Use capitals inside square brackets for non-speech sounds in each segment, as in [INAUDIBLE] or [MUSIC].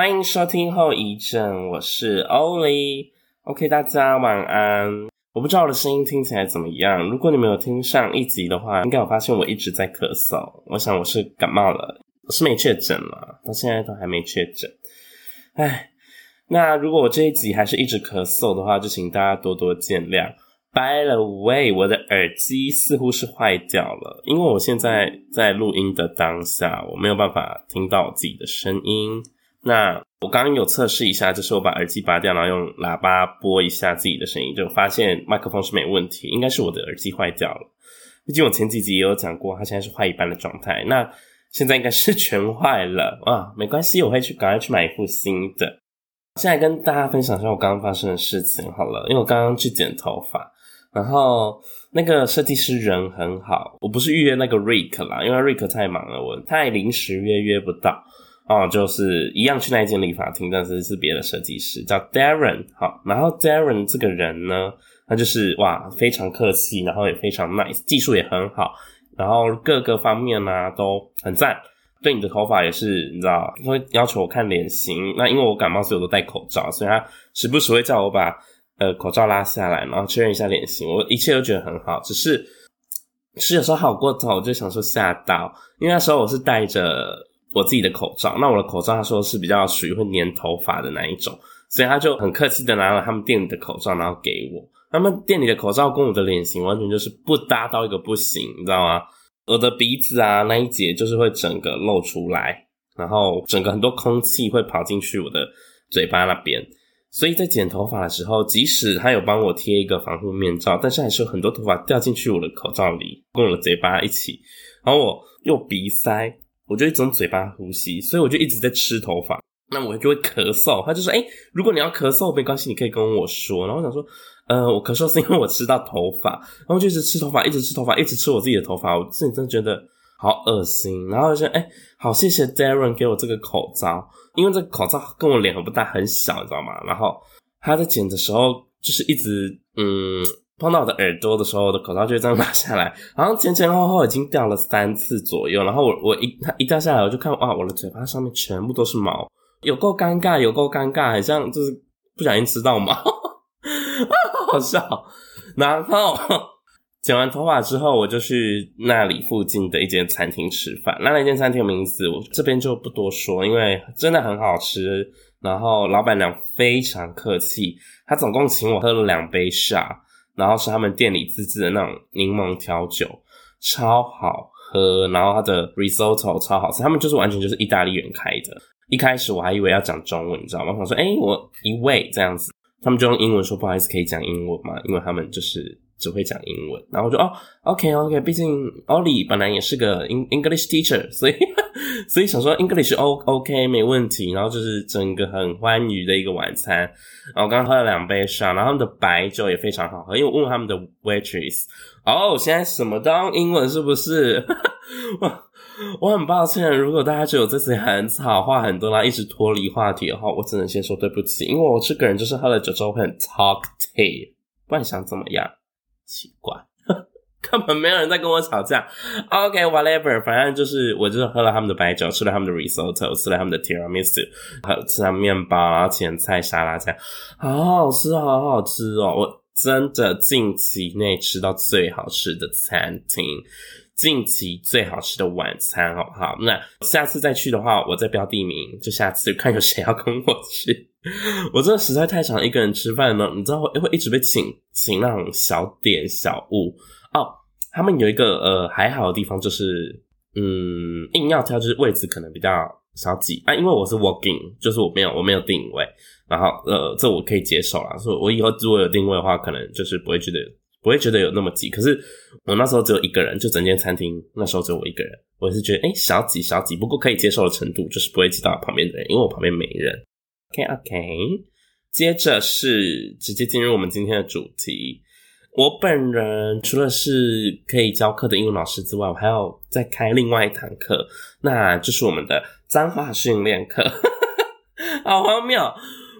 歡迎收聽後遺症，我是 Oley。OK，大家晚安。我不知道我的聲音聽起來怎麼樣。如果你沒有聽上一集的話，應該有發現我一直在咳嗽。我想我是感冒了，我是沒確診嘛，到現在都還沒確診。哎，那如果我這一集還是一直咳嗽的話，就請大家多多見諒。By the way，我的耳機似乎是壞掉了，因為我現在在錄音的當下，我沒有辦法聽到我自己的聲音。那我剛剛有測試一下，就是我把耳機拔掉，然後用喇叭播一下自己的聲音，就發現麥克風是沒有問題，應該是我的耳機壞掉了。畢竟我前幾集也有講過，它現在是壞一半的狀態。那現在應該是全壞了啊，沒關係，我會去趕快去買一副新的。現在跟大家分享一下我剛剛發生的事情好了，因為我剛剛去剪頭髮，然後那個設計師人很好，我不是預約那個瑞克啦，因為瑞克太忙了，我太臨時約約不到。哦，就是一樣去那一間理髮廳，但是是別的設計師，叫 Darren。好，然後 Darren 這個人呢，他就是哇，非常客氣，然後也非常 nice，技術也很好，然後各個方面呢啊，都很讚，對你的頭髮也是，你知道，會要求我看臉型。那因為我感冒，所以我都戴口罩，所以他時不時會叫我把呃口罩拉下來，然後確認一下臉型。我一切都覺得很好，只是是有時候好過頭，我就想說嚇到，因為那時候我是戴着。我自己的口罩，那我的口罩，他說是比較屬於會粘頭髮的那一種，所以他就很客氣的拿了他們店裡的口罩，然後給我。他們店裡的口罩跟我的臉型完全就是不搭到一個不行，你知道嗎？我的鼻子啊那一節就是會整個露出來，然後整個很多空氣會跑進去我的嘴巴那邊，所以在剪頭髮的時候，即使他有幫我貼一個防護面罩，但是還是有很多頭髮掉進去我的口罩裡，跟我的嘴巴一起，然後我又鼻塞。我就一直用嘴巴呼吸，所以我就一直在吃頭髮，那我就會咳嗽。他就說：“誒、欸、如果你要咳嗽，沒關係，你可以跟我說。”然後我想說：“呃，我咳嗽是因為我吃到頭髮，然後我就一直吃頭髮，一直吃頭髮，一直吃我自己的頭髮，我自己真的覺得好噁心。”然後我就說誒、欸、好，謝謝 Darren 給我這個口罩，因為這個口罩跟我臉很不大，很小，你知道嗎？然後他在剪的時候就是一直嗯。”碰到我的耳朵的時候，我的口罩就這樣拿下來。然後前前後後已經掉了三次左右。然後我我一它一掉下來，我就看哇，我的嘴巴上面全部都是毛，有夠尷尬，有夠尷尬，好像就是不小心吃到毛， [LAUGHS] 好笑。然後 [LAUGHS] 剪完頭髮之後，我就去那裡附近的一間餐廳吃飯。那那間餐廳的名字我這邊就不多說，因為真的很好吃。然後老闆娘非常客氣，她總共請我喝了兩杯 Shot。然後是他們店裡自制的那種檸檬調酒，超好喝。然後他的 risotto 超好吃，他們就是完全就是意大利人開的。一開始我還以為要講中文，你知道嗎？我想說哎，我一位這樣子，他們就用英文說不好意思，可以講英文嗎？因為他們就是。只會講英文，然後我就哦，OK，OK，okay, okay, 畢竟奧利本來也是個英 English teacher，所以 [LAUGHS] 所以想說 English 哦 OK 沒問題。然後就是整個很歡愉的一個晚餐。然後剛剛喝了兩杯 shot，然後他們的白酒也非常好喝。因為我問他們的 waitress，哦，現在什麼都用英文是不是？ [LAUGHS] 我我很抱歉，如果大家覺得我這次很吵，話很多，然後一直脫離話題的話，我只能先說對不起，因為我這個人就是喝了酒之後會很 talkative，不然你想怎麼樣？奇怪，根本沒有人在跟我吵架。OK，whatever，okay, 反正就是我就是喝了他們的白酒，吃了他們的 risotto，吃了他們的 tiramisu，還有吃了麵包，然後前菜沙拉醬，好，好好吃，好好，好吃哦、喔！我真的近期內吃到最好吃的餐廳，近期最好吃的晚餐，喔，好不好？那下次再去的話，我再標地名，就下次看有誰要跟我去。 [LAUGHS] 我真的實在太常一個人吃飯了，你知道會會一直被請請那種小點小物哦。Oh, 他們有一個呃還好的地方就是，嗯，硬要挑就是位置可能比較小擠啊。因為我是 walking，就是我沒有我沒有定位，然後呃這我可以接受啦。所以我以後如果有定位的話，可能就是不會覺得不會覺得有那麼擠。可是我那時候只有一個人，就整間餐廳那時候只有我一個人，我是覺得哎、欸、小擠小擠，不過可以接受的程度就是不會擠到旁邊的人，因為我旁邊沒人。OK，OK，okay, okay, 接着是直接進入我們今天的主題。我本人除了是可以教課的英文老師之外，我還要再開另外一堂課，那就是我們的髒話訓練課。 [LAUGHS] 好荒謬！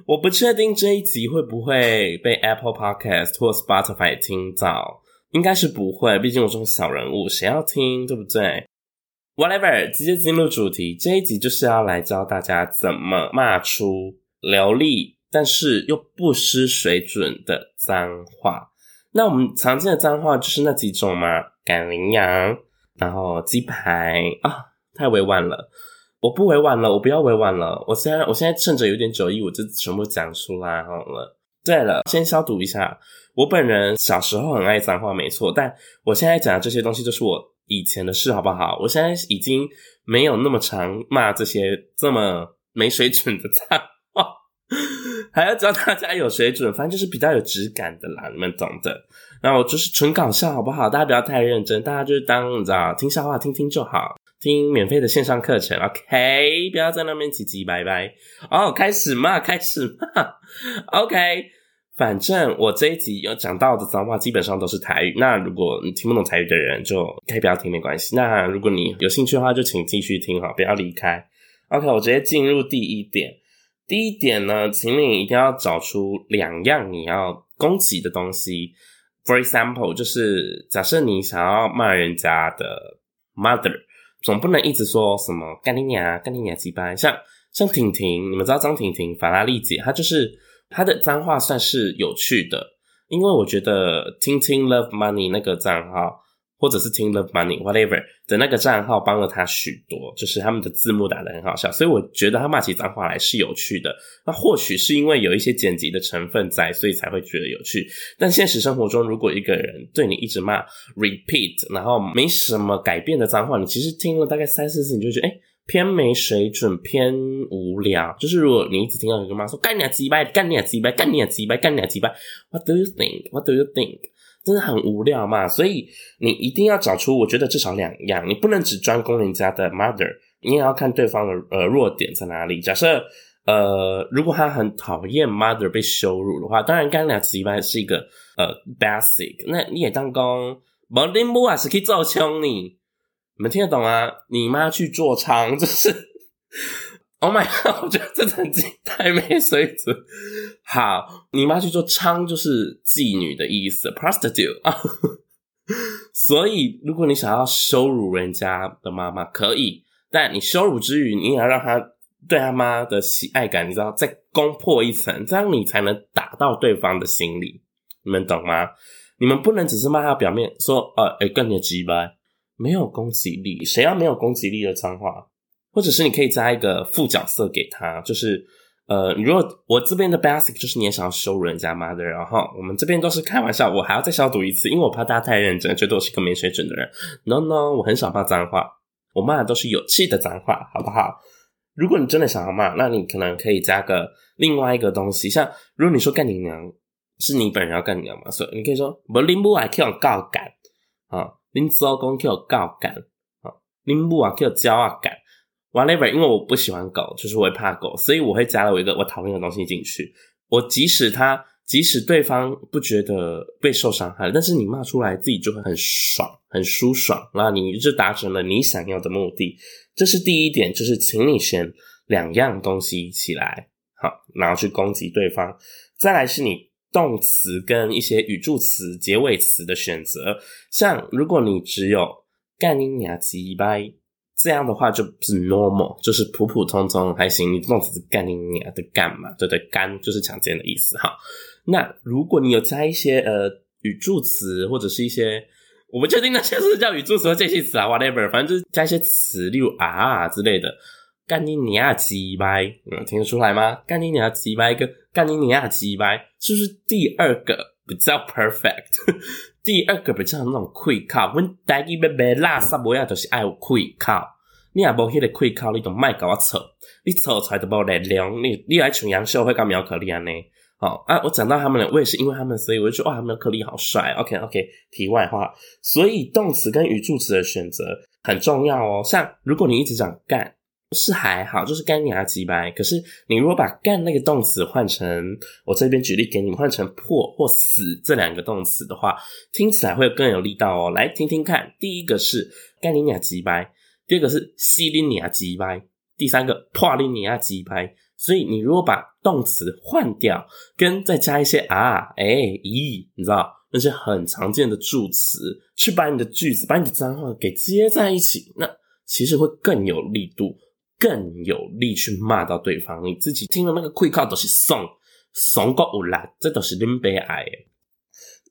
我不確定這一集會不會被 Apple Podcast 或 Spotify 聽到，應該是不會，畢竟我這種小人物，誰要聽，對不對？Whatever，直接進入主題。這一集就是要來教大家怎麼罵出流利，但是又不失水準的髒話。那我們常見的髒話就是那幾種嘛，趕羚羊，然後雞排啊，太委婉了。我不委婉了，我不要委婉了。我現在，我現在趁着有點酒意，我就全部講出來好了。對了，先消毒一下。我本人小時候很愛髒話，沒錯，但我現在講的這些東西，就是我，以前的事好不好？我現在已經沒有那麼常罵這些這麼沒水準的髒話，還要教大家有水準，反正就是比較有質感的啦，你們懂的。那我就是純搞笑好不好？大家不要太認真，大家就是當，你知道，聽笑話聽聽就好，聽免費的線上課程，OK，不要在那邊嘰嘰歪歪。哦、oh，開始罵，開始罵，OK。反正我這一集有講到的髒話基本上都是台語，那如果你聽不懂台語的人就可以不要聽沒關係。那如果你有興趣的話，就請繼續聽哈，不要離開。OK，我直接進入第一點。第一點呢，請你一定要找出兩樣你要攻擊的東西。For example，就是假設你想要罵人家的 mother，總不能一直說什麼幹你娘、幹你娘雞巴。像像婷婷，你們知道張婷婷、法拉利姐，她就是。他的髒話算是有趣的，因為我覺得聽聽 love money 那個賬號，或者是聽 love money whatever 的那個賬號幫了他許多，就是他們的字幕打得很好笑，所以我覺得他罵起髒話來是有趣的。那或許是因為有一些剪輯的成分在，所以才會覺得有趣。但現實生活中，如果一個人對你一直罵 repeat，然後沒什麼改變的髒話，你其實聽了大概三四次，你就覺得，哎。欸偏沒水準，偏無聊。就是如果你一直聽到一個媽說幹你娘雞巴，幹你娘雞巴，幹你娘雞巴，幹你娘雞巴，啊啊啊啊，What do you think? What do you think? 真的很無聊嘛。所以你一定要找出，我覺得至少兩樣，你不能只專攻人家的 mother，你也要看對方的呃弱點在哪裡。假設呃，如果他很討厭 mother 被羞辱的話，當然幹你娘雞巴是一個呃 basic。那你也當攻，無你木還是去做槍你。你們聽得懂啊？你媽去做娼，就是 Oh my god！我覺得這成績太沒水準。好，你媽去做娼，就是妓女的意思 （prostitute）。Oh, [LAUGHS] 所以，如果你想要羞辱人家的媽媽，可以，但你羞辱之餘，你也要讓她對她媽的喜愛感，你知道，再攻破一層，這樣你才能打到對方的心裡。你們懂嗎？你們不能只是罵她表面說，呃，哎、欸，跟加雞掰。沒有攻擊力，誰要沒有攻擊力的髒話？或者是你可以加一個副角色給他，就是呃，如果我這邊的 basic 就是你也想要羞辱人家媽的，然後我們這邊都是開玩笑，我還要再消毒一次，因為我怕大家太認真，覺得我是個沒水準的人。No no，我很少罵髒話，我罵的都是有氣的髒話，好不好？如果你真的想要罵，那你可能可以加個另外一個東西，像如果你說幹你娘，是你本人要幹你娘嘛，所以你可以說“不靈不壞”，可以高感啊。哦，您做工叫傲感你母啊，你母啊叫驕傲感。Whatever，因為我不喜歡狗，就是我會怕狗，所以我會加了我一個我討厭的東西進去。我即使他，即使對方不覺得被受傷害，但是你罵出來自己就會很爽，很舒爽，那你就達成了你想要的目的。這是第一點，就是請你選兩樣東西起來，好，然後去攻擊對方。再來是你。動詞跟一些語助詞、結尾詞的選擇，像如果你只有幹你娘雞掰這樣的話，就是 normal，就是普普通通還行。你動詞是幹你娘的幹嘛？對對，對，幹就是搶劫的意思哈。那如果你有加一些呃語助詞或者是一些，我不確定那些是叫語助詞或介語詞啊？whatever，反正就是加一些詞，例如啊之類的。幹你娘雞掰，聽得出來嗎？幹你娘雞掰一個幹你娘雞掰，是不是第二個比較 perfect？呵呵，第二個比較那種氣口阮大家要賣垃圾，無呀，都是愛有氣口你啊，無迄個氣口你同麥跟我扯，你扯才得把我來涼。你就要你來窮洋秀會幹苗可麗安呢？好、哦、啊，我講到他們了，我也是因為他們，所以我就說哇，他們的苗可麗好帥。OK OK，題外話，所以動詞跟語助詞的選擇很重要哦。像如果你一直講幹。是還好，就是幹你娘幾掰。可是你如果把“幹”那個動詞換成我這邊舉例給你們換成“破”或“死”這兩個動詞的話，聽起來會更有力道哦。來聽聽看，第一個是幹你娘幾掰，第二個是西里你娘幾掰，第三個破里你娘幾掰。所以你如果把動詞換掉，跟再加一些啊、誒、欸，咦，你知道那些很常見的助詞，去把你的句子、把你的髒話給接在一起，那其實會更有力度。更有力去罵到對方，你自己聽了那個氣口都是慫，慫個無拉，這都是拎悲哀。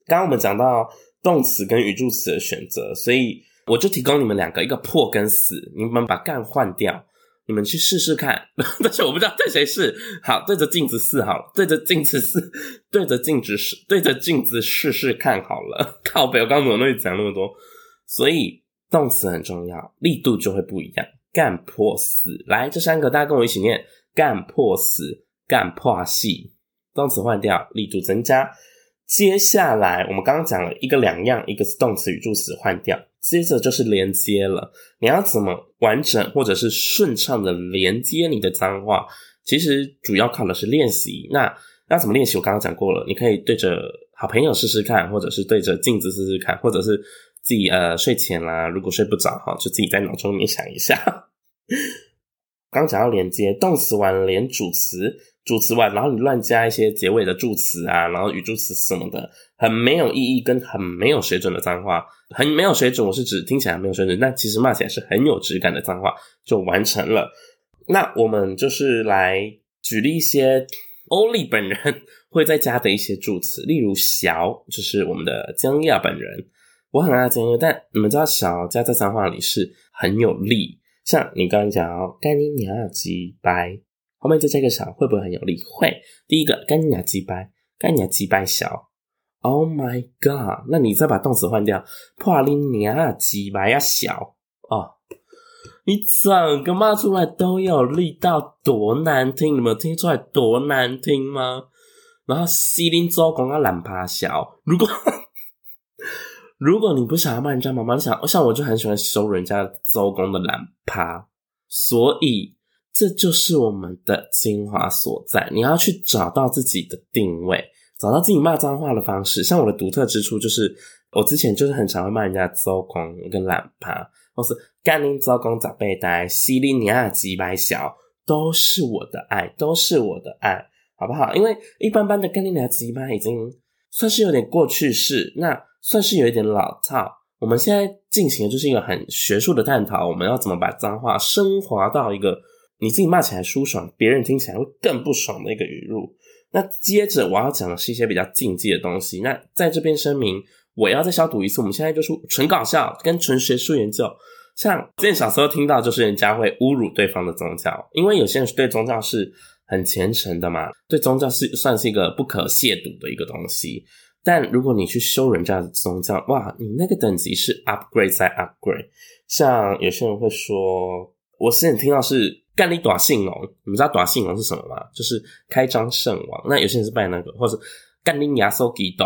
剛剛我們講到動詞跟語助詞的選擇，所以我就提供你們兩個，一個破跟死，你們把幹換掉，你們去試試看。但是我不知道對誰試，好對着鏡子試好了，對着鏡子試，對着鏡子試，對着鏡子試試看好了。靠北，不要剛我那裡講那麼多，所以動詞很重要，力度就會不一樣。幹破死，來，這三個大家跟我一起念：幹破死，幹破戲。動詞換掉，力度增加。接下來我們剛剛講了一個兩樣，一個是動詞，語助詞換掉。接着就是連接了，你要怎麼完整或者是順暢的連接你的髒話？其實主要靠的是練習。那要怎麼練習？我剛剛講過了，你可以對着好朋友試試看，或者是對着鏡子試試看，或者是自己呃睡前啦、啊，如果睡不着哈，就自己在腦中冥想一下。剛講到連接動詞完連主詞，主詞完，然後你亂加一些結尾的助詞啊，然後語助詞什麼的，很沒有意義，跟很沒有水準的髒話，很沒有水準，我是指聽起來沒有水準，但其實罵起來是很有質感的髒話，就完成了。那我們就是來舉例一些歐麗本人會在加的一些助詞，例如“小”，就是我們的江亞本人，我很愛江亞，但你們知道“小”加在髒話裡是很有力。像你剛剛講幹幹恁娘雞掰，後面再加一個小，會不會很有力？會。第一個幹恁娘雞掰，幹恁娘雞掰小，Oh my God！那你再把動詞換掉，破恁娘雞掰呀小哦，你整個罵出來都有力道，多難聽！你們聽出來多難聽嗎？然後西林祖公啊爛趴小，如果。如果你不想要罵人家媽媽，你想，我想我，就很喜歡收人家周公的懶趴。所以這就是我們的精華所在。你要去找到自己的定位，找到自己罵髒話的方式。像我的獨特之處，就是我之前就是很常會罵人家周公跟懶趴。或是幹寧周公早被逮，西利尼亞幾百小都是我的愛，都是我的愛，好不好？因為一般般的幹你尼亞幾百已經。算是有點過去式，那算是有一點老套。我們現在進行的就是一個很學術的探討，我們要怎麼把髒話升華到一個你自己罵起來舒爽，別人聽起來會更不爽的一個語錄。那接着我要講的是一些比較禁忌的東西。那在這邊聲明，我要再消毒一次。我們現在就是純搞笑跟純學術研究。像之前小時候聽到，就是人家會侮辱對方的宗教，因為有些人是對宗教是很虔誠的嘛，對宗教是算是一個不可褻瀆的一個東西。但如果你去羞人家的宗教，哇，你那個等級是 upgrade 再 upgrade。像有些人會說，我之前聽到是幹利短信龍，你們知道短信龍是什麼嗎？就是開漳聖王。那有些人是拜那個，或是幹利耶穌基督，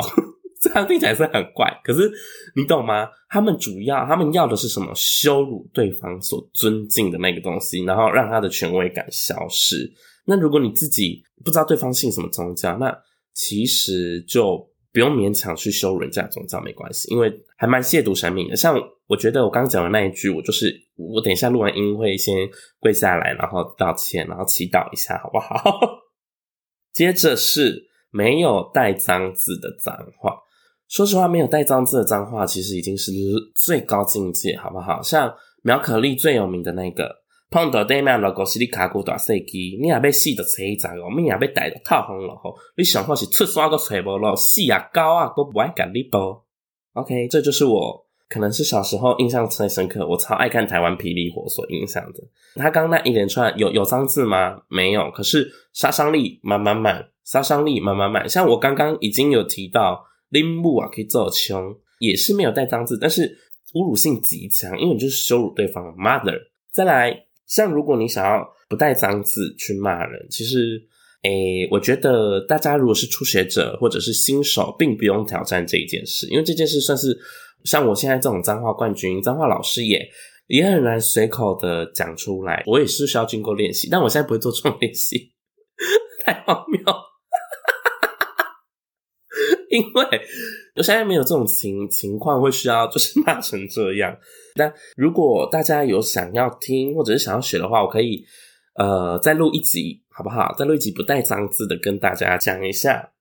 這樣聽起來是很怪。可是你懂嗎？他們主要他們要的是什麼？羞辱對方所尊敬的那個東西，然後讓他的權威感消失。那如果你自己不知道對方信什麼宗教，那其實就不用勉強去羞辱人家宗教，沒關係，因為還蠻褻瀆神明的。像我覺得我剛講的那一句，我就是我等一下錄完音會先跪下來，然後道歉，然後祈禱一下，好不好？ [LAUGHS] 接着是沒有帶髒字的髒話。說實話，沒有帶髒字的髒話，其實已經是最高境界，好不好？像苗可麗最有名的那個。碰到對面，如果是你卡古大世紀，你也要死到一雜哦，你也被戴的踏風了吼！你上好是出山都找無了，死啊狗啊都不愛幹你波。OK，這就是我可能是小時候印象最深刻，我超愛看台灣霹靂火所影響的。他剛那一連串有有髒字嗎？沒有，可是殺傷力滿滿滿，殺傷力滿滿滿。像我剛剛已經有提到林木啊可以做窮，也是沒有帶髒字，但是侮辱性極強，因為你就是羞辱對方的 mother。再來。像如果你想要不帶髒字去罵人，其實，誒、欸，我覺得大家如果是初學者或者是新手，並不用挑戰這一件事，因為這件事算是像我現在這種髒話冠軍、髒話老師也也很難隨口的講出來，我也是需要經過練習，但我現在不會做這種練習， [LAUGHS] 太荒謬。因為我現在沒有這種情情況，會需要就是罵成這樣。那如果大家有想要聽或者是想要學的話，我可以呃再錄一集，好不好？再錄一集不帶髒字的，跟大家講一下。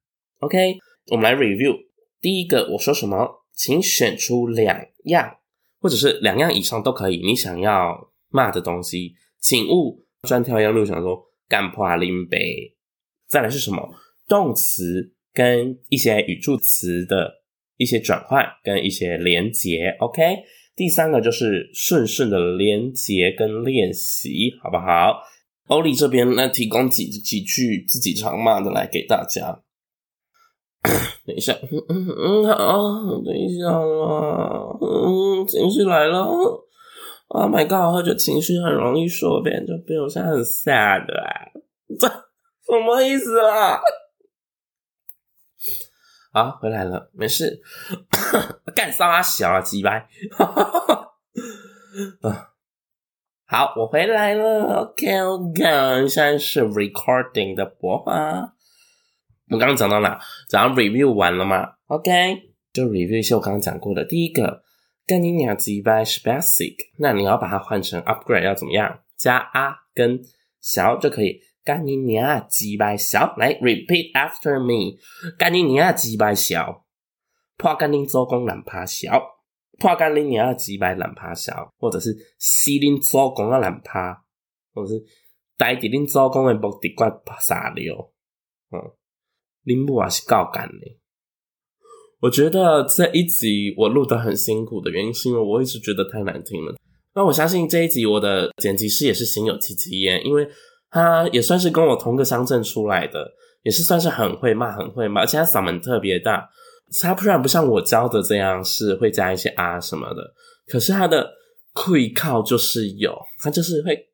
OK，我們來 review。第一個我說什麼？請選出兩樣，或者是兩樣以上都可以，你想要罵的東西，請勿專挑一樣錄。想說幹破林杯，再來是什麼動詞？跟一些語助詞的一些轉換，跟一些連接，OK。第三個就是順順的連接跟練習，好不好？歐里這邊那提供幾幾句自己常罵的來給大家。 [COUGHS] 等一下，嗯嗯，好，等一下啦，嗯，情緒來了，Oh my God，或者情緒很容易說變就變成很 sad，啊，什麼意思啊？好，回來了，沒事。幹啥？ [COUGHS] 幹小雞掰。啊， [LAUGHS] 好，我回來了。OK，OK，OK, OK, 現在是 recording 的播放。我剛剛講到哪？講 review 完了嗎？OK，這 review 是我剛剛講過的第一個。幹你娘，雞掰 specific 那你要把它換成 upgrade，要怎麼樣？加阿跟小就可以。幹你娘的雞巴小！來，repeat after me。幹你娘的雞巴小怕幹你做工難怕小怕幹你娘的雞巴難怕小，或者是西林做工啊難怕，或者是帶田林做工的木地板怕沙流。嗯，林木啊是高幹呢。我覺得這一集我錄得很辛苦的原因是因為我一直覺得太難聽了。那我相信這一集我的剪輯師也是心有戚戚焉，因為。他也算是跟我同個鄉鎮出來的，也是算是很會罵，很會罵，而且他嗓門特別大。他雖然不像我教的這樣，是會加一些啊什麼的。可是他的氣口就是有，他就是會。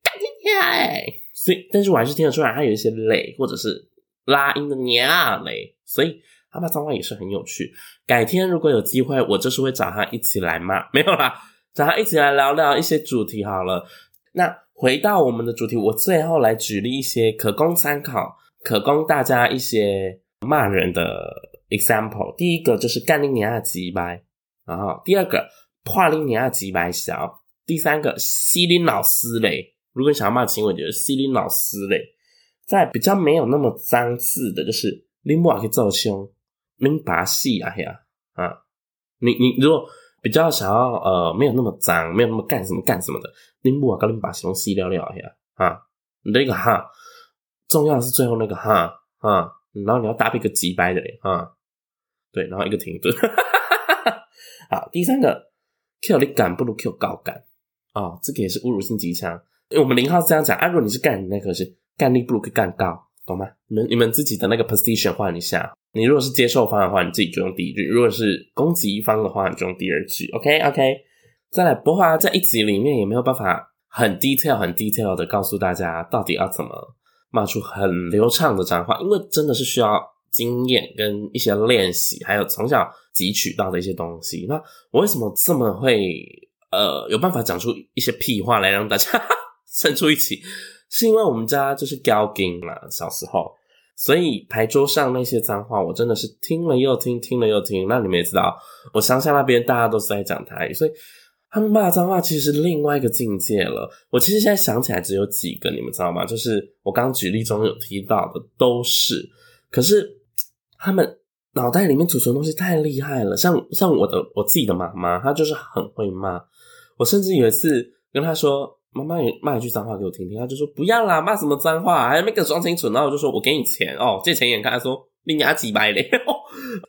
所以，但是我還是聽得出來，他有一些累，或者是拉音的你啊累。所以，他罵髒話也是很有趣。改天如果有機會，我就是會找他一起來罵，沒有啦，找他一起來聊聊一些主題好了。那。回到我們的主題，我最後來舉例一些可供參考，可供大家一些罵人的 example。第一個就是幹你娘雞掰。然後第二個怕你娘雞掰小，第三個稀里老師嘞。如果你想要罵情，我覺得稀里老師嘞，再比較沒有那麼髒字的，就是拎襪去造凶，拎把戲啊呀啊，你你如果。比較想要呃，沒有那麼髒，沒有那麼幹什麼幹什麼的，你們不啊？跟你們把東西聊了下啊，那個哈，重要的是最後那個哈啊，然後你要搭配一個雞掰的臉啊，對，然後一個停頓，對 [LAUGHS] 好，第三個 kill 力感不如 kill 高感啊、哦，這個也是侮辱性極強，因為我們零號是這樣講，阿、啊、如果你是幹那個是幹力不如可以幹高，懂嗎？你們你們自己的那個 position 換一下。你如果是接受方的話，你自己就用第一句；如果是攻擊一方的話，你就用第二句。OK OK，再來播華、啊、在一集裡面也沒有辦法很 detail、很 detail 的告訴大家到底要怎麼罵出很流暢的髒話，因為真的是需要經驗跟一些練習，還有從小汲取到的一些東西。那我為什麼這麼會呃有辦法講出一些屁話來讓大家生 [LAUGHS] 出一集，是因為我們家就是教經啦，小時候。所以牌桌上那些髒話，我真的是聽了又聽，聽了又聽。那你們也知道，我鄉下那邊大家都是在講台語，所以他們罵髒話其實是另外一個境界了。我其實現在想起來只有幾個，你們知道嗎？就是我剛舉例中有提到的都是，可是他們腦袋裡面儲存東西太厲害了。像像我的我自己的媽媽，她就是很會罵，我甚至有一次跟她說。媽媽也罵一句髒話給我聽聽，他就說不要啦，罵什麼髒話，還沒給說清楚，然後我就說我給你錢哦，借錢眼看他說你阿幾白嘞，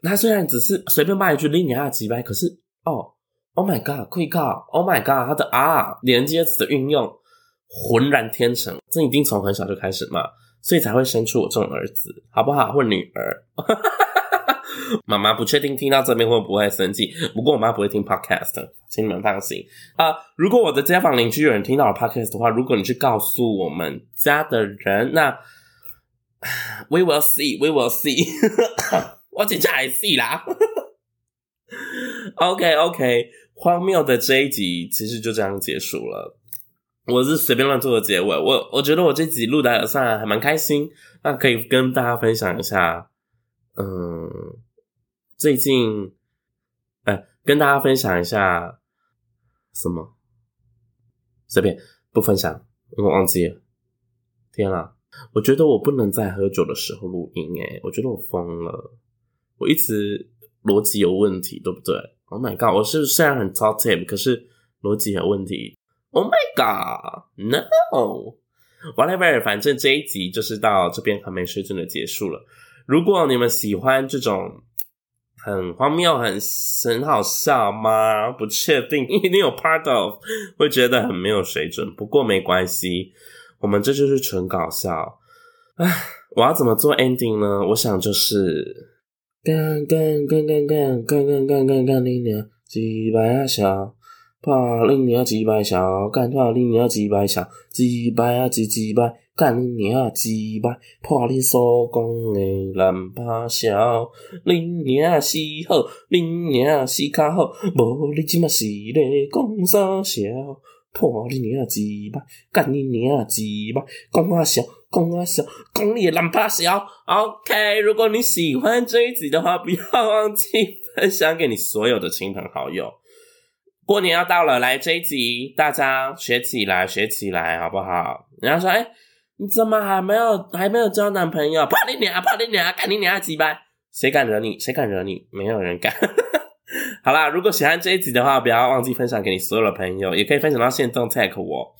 他 [LAUGHS] 雖然只是隨便罵一句你阿幾白，可是哦，Oh my God，Great God，Oh my God，他的啊連接詞的運用渾然天成，這一定從很小就開始罵，所以才會生出我這種兒子，好不好？或女兒。 [LAUGHS] 媽媽不確定聽到這邊會不會生氣，不過我媽不會聽 podcast，請你們放心啊！Uh, 如果我的街坊鄰居有人聽到了 podcast 的話，如果你去告訴我們家的人，那 we will see，we will see， [COUGHS] 我姐姐還 see 啦。OK OK，荒謬的這一集其實就這樣結束了。我是隨便亂做的結尾，我我覺得我這集錄的也算還蠻開心，那可以跟大家分享一下。嗯，最近、欸，跟大家分享一下什麼？隨便不分享，我忘記了。天啦，啊，我覺得我不能在喝酒的時候錄音，欸，誒，我覺得我瘋了。我一直邏輯有問題，對不對？Oh my god，我是雖然很 talk t i m，可是邏輯有問題。Oh my god，no，whatever，反正這一集就是到這邊，還沒睡，真的結束了。如果你們喜歡這種很荒謬、很很，很好笑嗎？不確定，因為你有 part of 會覺得很沒有水準。不過沒關係，我們這就是純搞笑。哎，我要怎麼做 ending 呢？我想就是幹幹幹幹幹幹幹幹幹你娘雞掰啊小，趴你娘雞掰小，幹趴你娘雞掰小，雞掰啊雞雞掰。幹你娘幾把，破你所講的亂八笑！你娘是好，你娘是較好，無你今仔是咧講啥笑？破你娘幾把，幹你娘幾把，講阿笑，講阿笑，講你爛八笑！OK，如果你喜歡這一集的話，不要忘記分享給你所有的親朋好友。過年要到了，來這一集，大家學起來，學起來，好不好？人家說，哎、欸。你怎麼還沒有還沒有交男朋友？怕你娘，怕你娘，趕緊你娘雞掰？誰敢惹你？誰敢惹你？沒有人敢。 [LAUGHS] 好啦，如果喜歡這一集的話，不要忘記分享給你所有的朋友，也可以分享到限動 tag 我。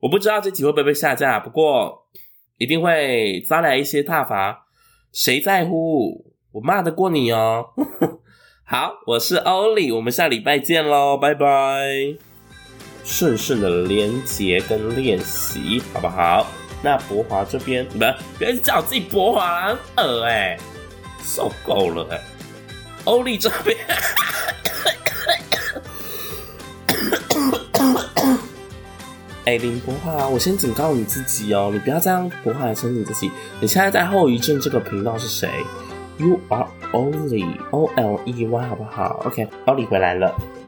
我不知道這集會不會被下架，不過一定會招來一些撻伐。誰在乎？我罵得過你哦、喔。 [LAUGHS] 好，我是歐里，我們下禮拜見嘍，拜拜。順順的連結跟練習，好不好？那博華這邊不，別這樣叫自己博華啦哎，受夠了哎、欸！歐麗這邊，哎、 [LAUGHS] 欸，林博華，我先警告你自己哦、喔，你不要這樣博華來稱你自己。你現在在後遺症這個頻道是誰？You are Oley O L E Y，好不好？OK，歐麗回來了。